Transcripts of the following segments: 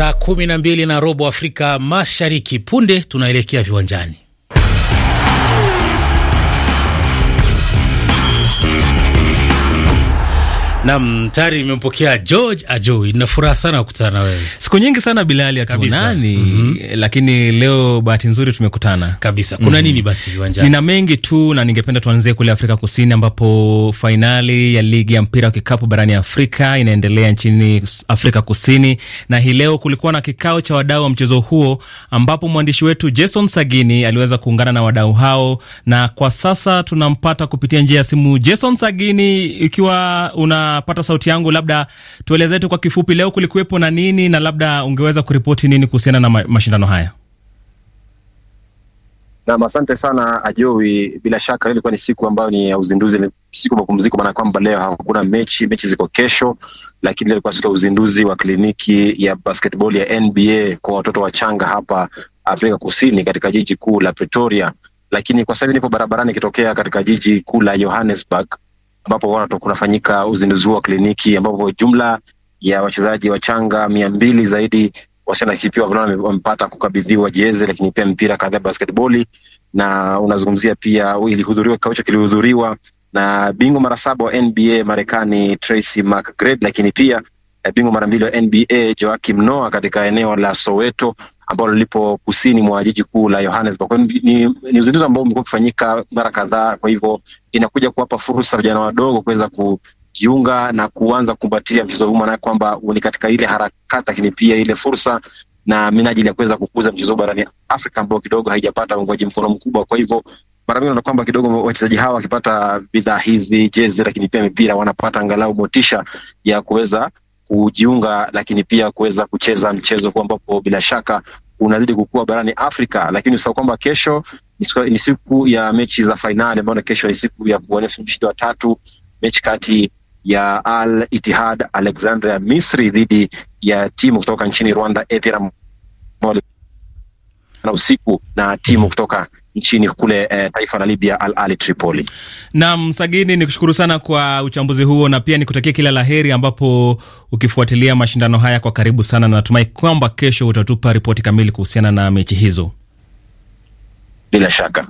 saa kumi na mbili na robo Afrika Mashariki. Punde tunaelekea viwanjani. Nam tayari imempokea George Ajoi. Nina furaha sana kukutana na wewe, siku nyingi sana Bilali hatuonani mm -hmm. Lakini leo bahati nzuri tumekutana kabisa. Kuna mm -hmm. nini basi viwanjani? Nina mengi tu na ningependa tuanzie kule Afrika Kusini ambapo fainali ya ligi ya mpira wa kikapu barani Afrika inaendelea nchini Afrika Kusini, na hii leo kulikuwa na kikao cha wadau wa mchezo huo ambapo mwandishi wetu Jason Sagini aliweza kuungana na wadau hao, na kwa sasa tunampata kupitia njia ya simu. Jason Sagini, ikiwa una unapata sauti yangu, labda tueleze tu kwa kifupi, leo kulikuwepo na nini na labda ungeweza kuripoti nini kuhusiana na mashindano haya? Nam, asante sana Ajowi. Bila shaka leo ilikuwa ni siku ambayo ni ya uzinduzi, siku ya mapumziko, maana kwamba leo hakuna mechi, mechi ziko kesho, lakini leo ilikuwa siku ya uzinduzi wa kliniki ya basketball ya NBA kwa watoto wachanga hapa Afrika Kusini, katika jiji kuu la Pretoria. Lakini kwa sasa nipo barabarani ikitokea katika jiji kuu la Johannesburg ambapo kunafanyika uzinduzi wa kliniki ambapo jumla ya wachezaji wachanga mia mbili zaidi wasichana kipiwa vulana wamepata kukabidhiwa jezi, lakini pia mpira kadhaa basketboli, na unazungumzia pia ilihudhuriwa kikao hicho kilihudhuriwa na bingwa mara saba wa NBA Marekani Tracy McGrady, lakini pia eh, bingwa mara mbili wa NBA Joakim Noah katika eneo la Soweto ambalo lipo kusini mwa jiji kuu la Johannesburg. Ni, ni, ni uzinduzi ambao umekuwa ukifanyika mara kadhaa, kwa hivyo inakuja kuwapa fursa vijana wadogo kuweza ku jiunga na kuanza kukumbatia mchezo huu, maanake kwamba ni katika ile harakati, lakini pia ile fursa na minajili ya kuweza kukuza mchezo barani Afrika ambao kidogo haijapata uungwaji mkono mkubwa. Kwa hivyo mara mingi kwamba kidogo wachezaji hawa wakipata bidhaa hizi, jezi, lakini pia mipira, wanapata angalau motisha ya kuweza kujiunga, lakini pia kuweza kucheza mchezo huu ambapo bila shaka unazidi kukua barani Afrika, lakini usahau kwamba kesho ni siku ya mechi za fainali, ambayo kesho ni siku ya kuwania mshindi wa tatu, mechi kati ya Al Ittihad Alexandria Misri dhidi ya timu kutoka nchini Rwanda Ethira na usiku na timu mm-hmm. kutoka nchini kule e, taifa la Libya Al Ali Tripoli. Naam, Sagini, ni kushukuru sana kwa uchambuzi huo na pia nikutakia kila la heri, ambapo ukifuatilia mashindano haya kwa karibu sana, na natumai kwamba kesho utatupa ripoti kamili kuhusiana na mechi hizo bila shaka.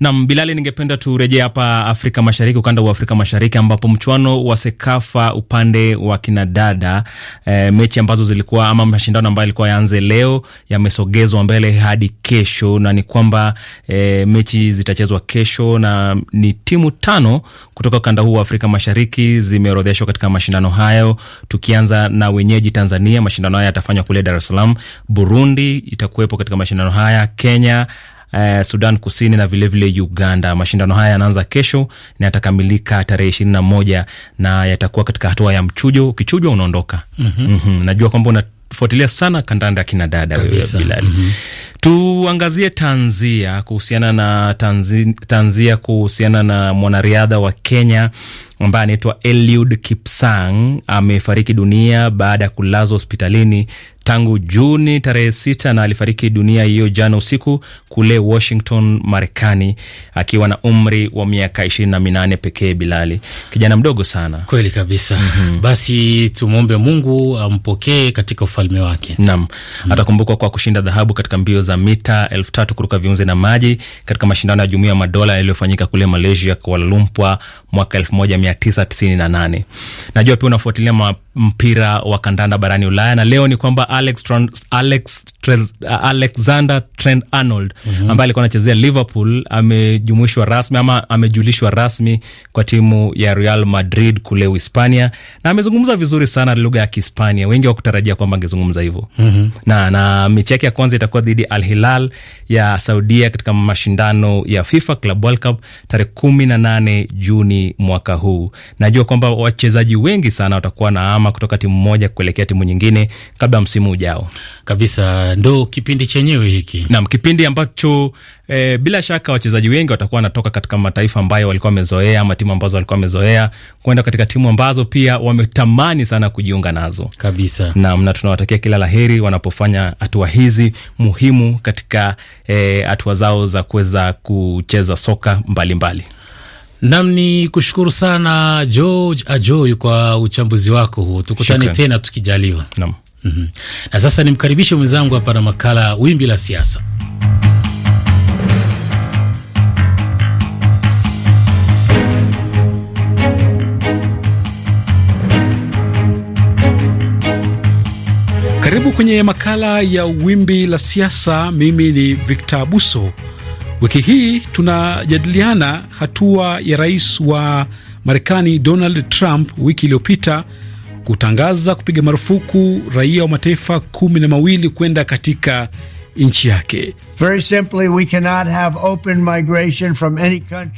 Naam, Bilali, ningependa turejee hapa Afrika Mashariki, ukanda wa Afrika Mashariki ambapo mchuano wa Sekafa upande wa kinadada e, eh, mechi ambazo zilikuwa ama mashindano ambayo yalikuwa yaanze leo yamesogezwa mbele hadi kesho, na ni kwamba e, mechi zitachezwa kesho, na ni timu tano kutoka ukanda huu wa Afrika Mashariki zimeorodheshwa katika mashindano hayo, tukianza na wenyeji Tanzania. Mashindano haya yatafanywa kule Dar es Salaam. Burundi itakuwepo katika mashindano haya, Kenya eh, Sudan Kusini na vilevile vile Uganda. Mashindano haya yanaanza kesho na yatakamilika tarehe ishirini na moja na yatakuwa katika hatua ya mchujo. Ukichujwa unaondoka. mm -hmm. mm -hmm. Najua kwamba unafuatilia sana kandanda kina dada wewe mm -hmm. Tuangazie tanzia kuhusiana na tanzi, tanzia kuhusiana na mwanariadha wa Kenya ambaye anaitwa Eliud Kipsang amefariki dunia baada ya kulazwa hospitalini tangu Juni tarehe sita na alifariki dunia hiyo jana usiku kule Washington, Marekani akiwa na umri wa miaka ishirini na minane pekee. Bilali, kijana mdogo sana kweli kabisa. mm -hmm. Basi tumwombe Mungu ampokee katika ufalme wake. Naam, mhm. atakumbukwa kwa kushinda dhahabu katika mbio za mita elfu tatu kuruka viunzi na maji katika mashindano ya jumuia ya Madola yaliyofanyika kule Malaysia, Kuala Lumpur mwaka elfu moja mia tisa tisini na nane. Najua pia unafuatilia mpira wa kandanda barani Ulaya na leo ni kwamba Alex Trans, Alex uh, Alexander Trent Arnold mm -hmm. ambaye alikuwa anachezea Liverpool amejumuishwa rasmi ama amejulishwa rasmi kwa timu ya Real Madrid kule Uhispania, na amezungumza vizuri sana lugha ya Kihispania. Wengi wakutarajia kwamba angezungumza hivyo mm -hmm. na, na mechi yake ya kwanza itakuwa dhidi Al Hilal ya Saudia katika mashindano ya FIFA Club World Cup tarehe kumi na nane Juni mwaka huu. Najua kwamba wachezaji wengi sana watakuwa na kuhama kutoka timu moja kuelekea timu nyingine kabla ya msimu ujao kabisa. Ndo kipindi chenyewe hiki, nam, kipindi ambacho E, bila shaka wachezaji wengi watakuwa wanatoka katika mataifa ambayo walikuwa wamezoea ama timu ambazo walikuwa wamezoea kwenda katika timu ambazo pia wametamani sana kujiunga nazo kabisa. Nam, na tunawatakia kila laheri wanapofanya hatua hizi muhimu katika eh, hatua e, zao za kuweza kucheza soka mbalimbali mbali. Nam ni kushukuru sana George Ajoy kwa uchambuzi wako huo, tukutane tena tukijaliwa. mm -hmm. Na sasa nimkaribishe mwenzangu hapa na makala Wimbi la Siasa. Karibu kwenye makala ya Wimbi la Siasa. Mimi ni Victor Abuso. Wiki hii tunajadiliana hatua ya rais wa Marekani Donald Trump wiki iliyopita kutangaza kupiga marufuku raia wa mataifa kumi na mawili kwenda katika nchi yake.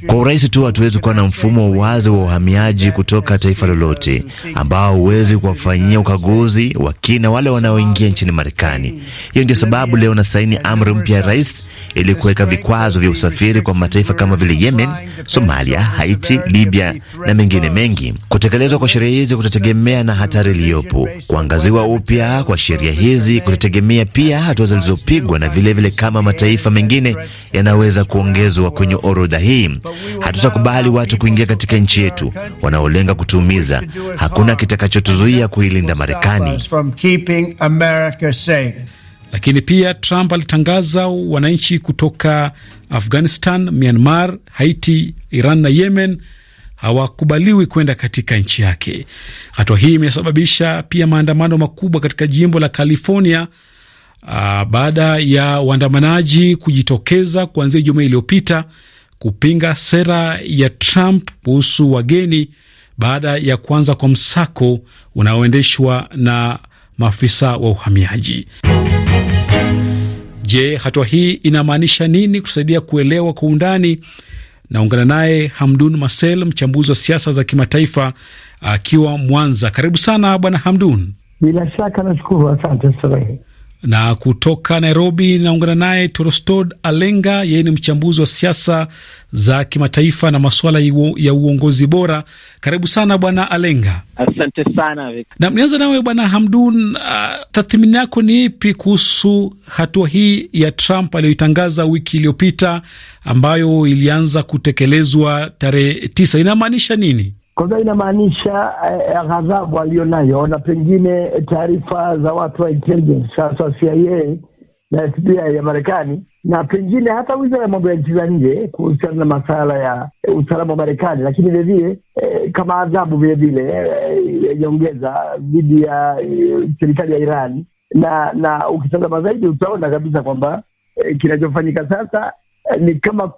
Kwa urahisi tu, hatuwezi kuwa na mfumo wazi wa uhamiaji kutoka taifa lolote ambao huwezi kuwafanyia ukaguzi wa kina wale wanaoingia nchini Marekani. Hiyo ndio sababu leo nasaini amri mpya ya rais ili kuweka vikwazo vya usafiri kwa mataifa kama vile Yemen, Somalia, Haiti, Libya na mengine mengi. Kutekelezwa kwa sheria hizi kutategemea na hatari iliyopo. Kuangaziwa upya kwa sheria hizi kutategemea pia hatua zilizopigwa na vilevile vile kama mataifa mengine yanaweza kuongezwa kwenye orodha hii. Hatutakubali watu kuingia katika nchi yetu wanaolenga kutuumiza. Hakuna kitakachotuzuia kuilinda Marekani. Lakini pia Trump alitangaza wananchi kutoka Afghanistan, Myanmar, Haiti, Iran na Yemen hawakubaliwi kwenda katika nchi yake. Hatua hii imesababisha pia maandamano makubwa katika jimbo la California aa, ah, baada ya waandamanaji kujitokeza kuanzia Ijumaa iliyopita kupinga sera ya Trump kuhusu wageni baada ya kuanza kwa msako unaoendeshwa na maafisa wa uhamiaji. Je, hatua hii inamaanisha nini? Kusaidia kuelewa kwa undani, naungana naye Hamdun Masel, mchambuzi wa siasa za kimataifa akiwa Mwanza. Karibu sana bwana Hamdun. Bila shaka nashukuru, asante. Na kutoka Nairobi naungana naye Torostod Alenga, yeye ni mchambuzi wa siasa za kimataifa na masuala ya uongozi bora. Karibu sana bwana Alenga. Asante sana. Na nianza nawe bwana Hamdun, uh, tathmini yako ni ipi kuhusu hatua hii ya Trump aliyoitangaza wiki iliyopita ambayo ilianza kutekelezwa tarehe tisa? Inamaanisha nini? Kwa hivyo inamaanisha eh, eh, ghadhabu aliyonayo na pengine eh, taarifa za watu wa intelligence sasa CIA na FBI ya Marekani na pengine hata wizara ya mambo ya nchi za nje kuhusiana na masala ya eh, usalama wa Marekani, lakini vilevile eh, kama adhabu vilevile eh, dhidi ya eh, serikali ya Iran na na ukitazama zaidi utaona kabisa kwamba eh, kinachofanyika sasa ni kama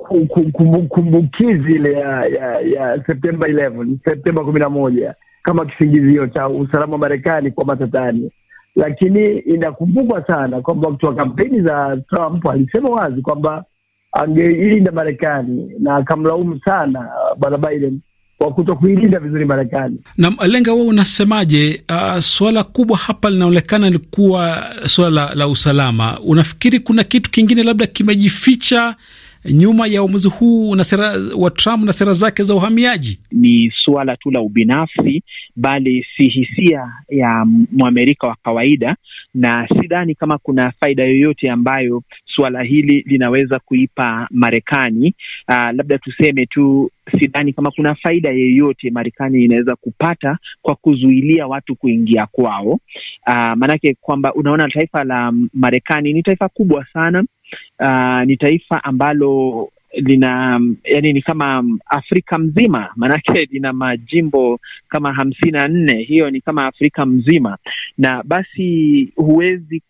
kumbukizi ile ya, ya, ya Septemba 11 Septemba kumi na moja kama kisingizio cha usalama wa Marekani kwa matatani, lakini inakumbukwa sana kwamba wakati wa kampeni za Trump alisema wazi kwamba angeilinda Marekani na akamlaumu sana uh, bwana Biden kwa kuto kuilinda vizuri Marekani. Na lenga, wewe unasemaje? Uh, suala kubwa hapa linaonekana likuwa suala la usalama. Unafikiri kuna kitu kingine labda kimejificha nyuma ya uamuzi huu na sera wa Trump na sera zake za uhamiaji? Ni suala tu la ubinafsi, bali si hisia ya Mwamerika wa kawaida, na sidhani kama kuna faida yoyote ambayo suala hili linaweza kuipa Marekani. Uh, labda tuseme tu sidhani kama kuna faida yoyote Marekani inaweza kupata kwa kuzuilia watu kuingia kwao. Uh, maanake kwamba unaona taifa la Marekani ni taifa kubwa sana, uh, ni taifa ambalo lina mm, yani ni kama mm, Afrika mzima, maanake lina majimbo kama hamsini na nne. Hiyo ni kama Afrika mzima, na basi huwezi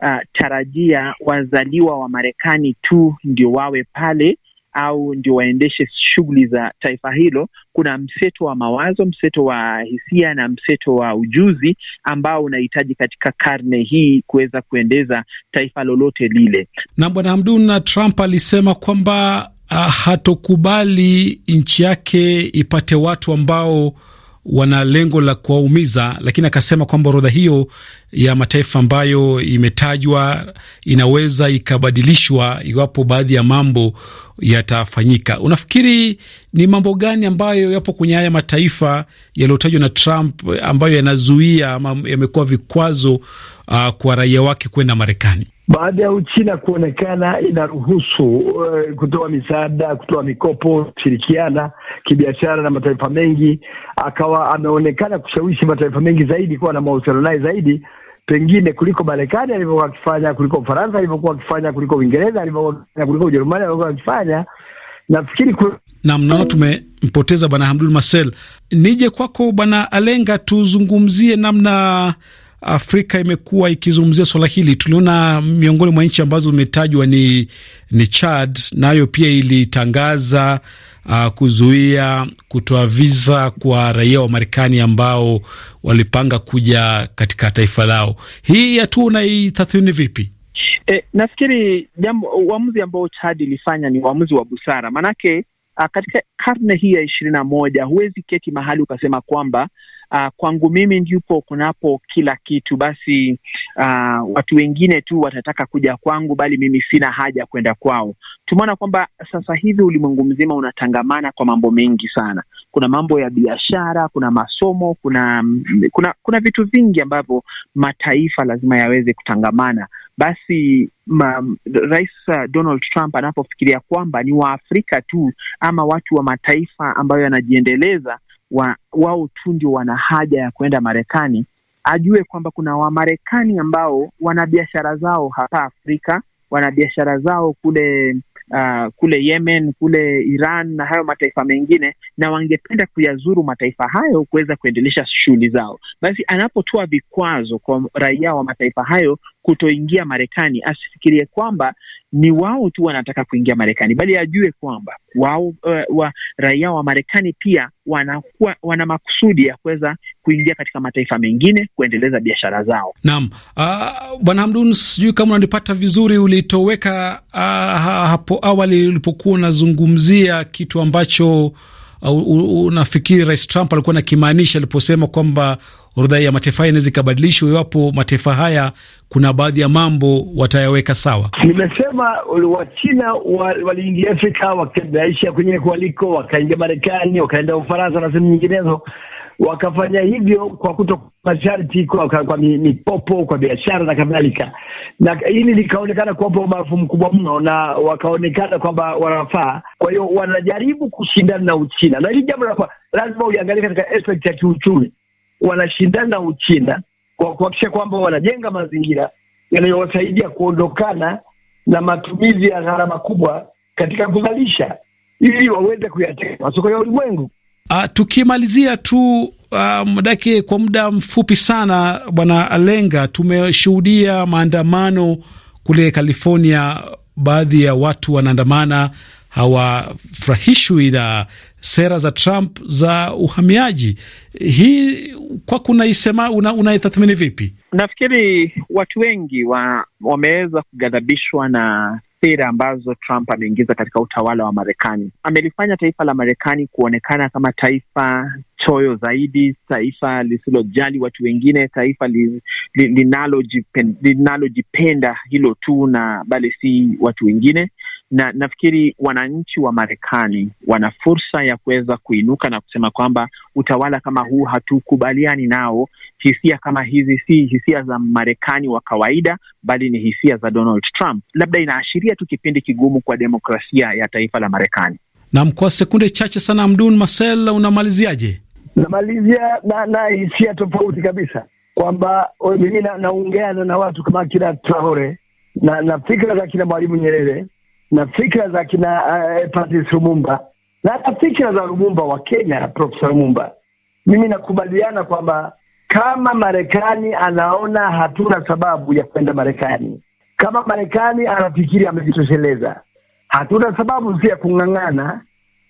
kutarajia ah, wazaliwa wa Marekani tu ndio wawe pale au ndio waendeshe shughuli za taifa hilo, kuna mseto wa mawazo, mseto wa hisia na mseto wa ujuzi ambao unahitaji katika karne hii kuweza kuendeza taifa lolote lile. Na Bwana Hamdun, Trump alisema kwamba ah, hatokubali nchi yake ipate watu ambao wana lengo la kuwaumiza, lakini akasema kwamba orodha hiyo ya mataifa ambayo imetajwa inaweza ikabadilishwa iwapo baadhi ya mambo yatafanyika. Unafikiri ni mambo gani ambayo yapo kwenye haya mataifa yaliyotajwa na Trump ambayo yanazuia ama yamekuwa vikwazo uh, kwa raia wake kwenda Marekani? Baada ya Uchina kuonekana inaruhusu uh, kutoa misaada, kutoa mikopo, kushirikiana kibiashara na mataifa mengi, akawa ameonekana kushawishi mataifa mengi zaidi kuwa na mahusiano naye zaidi pengine kuliko Marekani alivyokuwa akifanya, kuliko Ufaransa alivyokuwa akifanya, kuliko Uingereza alivyokuwa akifanya, kuliko Ujerumani alivyokuwa akifanya. Nafikiri nam naona tumempoteza Bwana Hamdul Masel. Nije kwako Bwana Alenga, tuzungumzie namna Afrika imekuwa ikizungumzia swala hili. Tuliona miongoni mwa nchi ambazo zimetajwa ni, ni Chad, nayo na pia ilitangaza uh, kuzuia kutoa visa kwa raia wa Marekani ambao walipanga kuja katika taifa lao. Hii hatua unaitathmini vipi? E, nafikiri jambo uamuzi ambao Chad ilifanya ni uamuzi wa busara, maanake ah, katika karne hii ya ishirini na moja huwezi keti mahali ukasema kwamba uh, kwangu mimi ndipo kunapo kila kitu. Basi uh, watu wengine tu watataka kuja kwangu, bali mimi sina haja kwenda kwao. Tumeona kwamba sasa hivi ulimwengu mzima unatangamana kwa mambo mengi sana. Kuna mambo ya biashara, kuna masomo, kuna kuna kuna vitu vingi ambavyo mataifa lazima yaweze kutangamana. Basi ma, Rais ah, Donald Trump anapofikiria kwamba ni Waafrika tu ama watu wa mataifa ambayo yanajiendeleza wa, wao tu ndio wana haja ya kuenda Marekani, ajue kwamba kuna Wamarekani ambao wana biashara zao hapa Afrika, wana biashara zao kule Uh, kule Yemen, kule Iran na hayo mataifa mengine, na wangependa kuyazuru mataifa hayo kuweza kuendelesha shughuli zao. Basi anapotoa vikwazo kwa raia wa mataifa hayo, kutoingia Marekani, asifikirie kwamba ni wao tu wanataka kuingia Marekani, bali ajue kwamba wao uh, wa raia wa Marekani pia wanakuwa wana makusudi ya kuweza kuingia katika mataifa mengine kuendeleza biashara zao. Naam, uh, Bwana Hamdun, sijui kama unanipata vizuri. Ulitoweka uh, hapo awali ulipokuwa unazungumzia kitu ambacho uh, unafikiri Rais Trump alikuwa nakimaanisha aliposema kwamba orodha ya mataifa haya inaweza ikabadilishwa iwapo mataifa haya kuna baadhi ya mambo watayaweka sawa. Nimesema Wachina waliingia wali Afrika wakaisha kwenye kualiko, wakaingia Marekani, wakaenda Ufaransa na sehemu nyinginezo wakafanya hivyo kwa kuto masharti kwa, kwa, kwa mipopo kwa biashara na kadhalika, na hili likaonekana kuwapa umaarufu mkubwa mno na wakaonekana kwamba wanafaa. Kwa hiyo wanajaribu kushindana na Uchina, na hili jambo lazima uliangalia katika aspect ya kiuchumi wanashindana Uchina kwa kuhakikisha kwamba wanajenga mazingira yanayowasaidia kuondokana na matumizi ya gharama kubwa katika kuzalisha ili waweze kuyatenga masoko ya ulimwengu. Uh, tukimalizia tu uh, ah, madake kwa muda mfupi sana, Bwana Alenga, tumeshuhudia maandamano kule California, baadhi ya watu wanaandamana hawafurahishwi na sera za Trump za uhamiaji. Hii kwako unaisema, unaitathmini una vipi? Nafikiri watu wengi wa, wameweza kugadhabishwa na sera ambazo Trump ameingiza katika utawala wa Marekani. Amelifanya taifa la Marekani kuonekana kama taifa choyo zaidi, taifa lisilojali watu wengine, taifa li, li, linalojipenda hilo tu na bali si watu wengine na nafikiri wananchi wa Marekani wana fursa ya kuweza kuinuka na kusema kwamba utawala kama huu hatukubaliani nao. Hisia kama hizi si hisia za Marekani wa kawaida, bali ni hisia za Donald Trump. Labda inaashiria tu kipindi kigumu kwa demokrasia ya taifa la Marekani. Nam, kwa sekunde chache sana, Amdun Marcel, unamaliziaje? Namalizia na, na hisia tofauti kabisa kwamba mimi naungeana na watu kama kina Traore na na fikra za kina Mwalimu Nyerere na fikra za kina uh, Patrice Lumumba na hata fikra za Lumumba wa Kenya, Profesa Lumumba. Mimi nakubaliana kwamba kama Marekani anaona hatuna sababu ya kwenda Marekani, kama Marekani anafikiri amejitosheleza, hatuna sababu si ya kung'ang'ana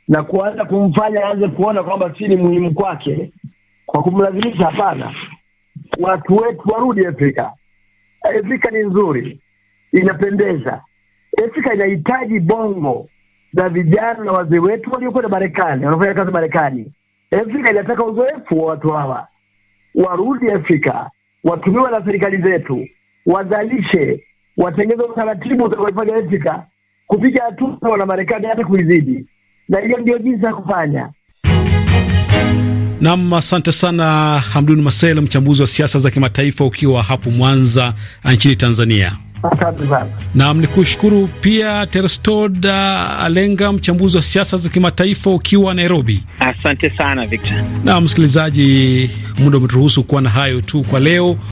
na kuanza kumfanya aanze kuona kwamba si ni muhimu kwake kwa kumlazimisha. Hapana, watu wetu warudi Afrika. Afrika ni nzuri, inapendeza Afrika inahitaji bongo za vijana na wazee wetu waliokwenda Marekani, wanafanya kazi Marekani. Afrika inataka uzoefu wa watu hawa, warudi Afrika, watumiwa na serikali zetu, wazalishe, watengeze utaratibu utakaoifanya Afrika kupiga hatua na Marekani hata kuizidi, na hiyo ndio jinsi ya kufanya. Nam, asante sana Hamdun Masel, mchambuzi wa siasa za kimataifa, ukiwa hapo Mwanza nchini Tanzania nam ni kushukuru pia Terstod uh, Alenga, mchambuzi wa siasa za kimataifa ukiwa Nairobi. Asante sana Victor. Na msikilizaji, muda umeturuhusu kuwa na hayo tu kwa leo.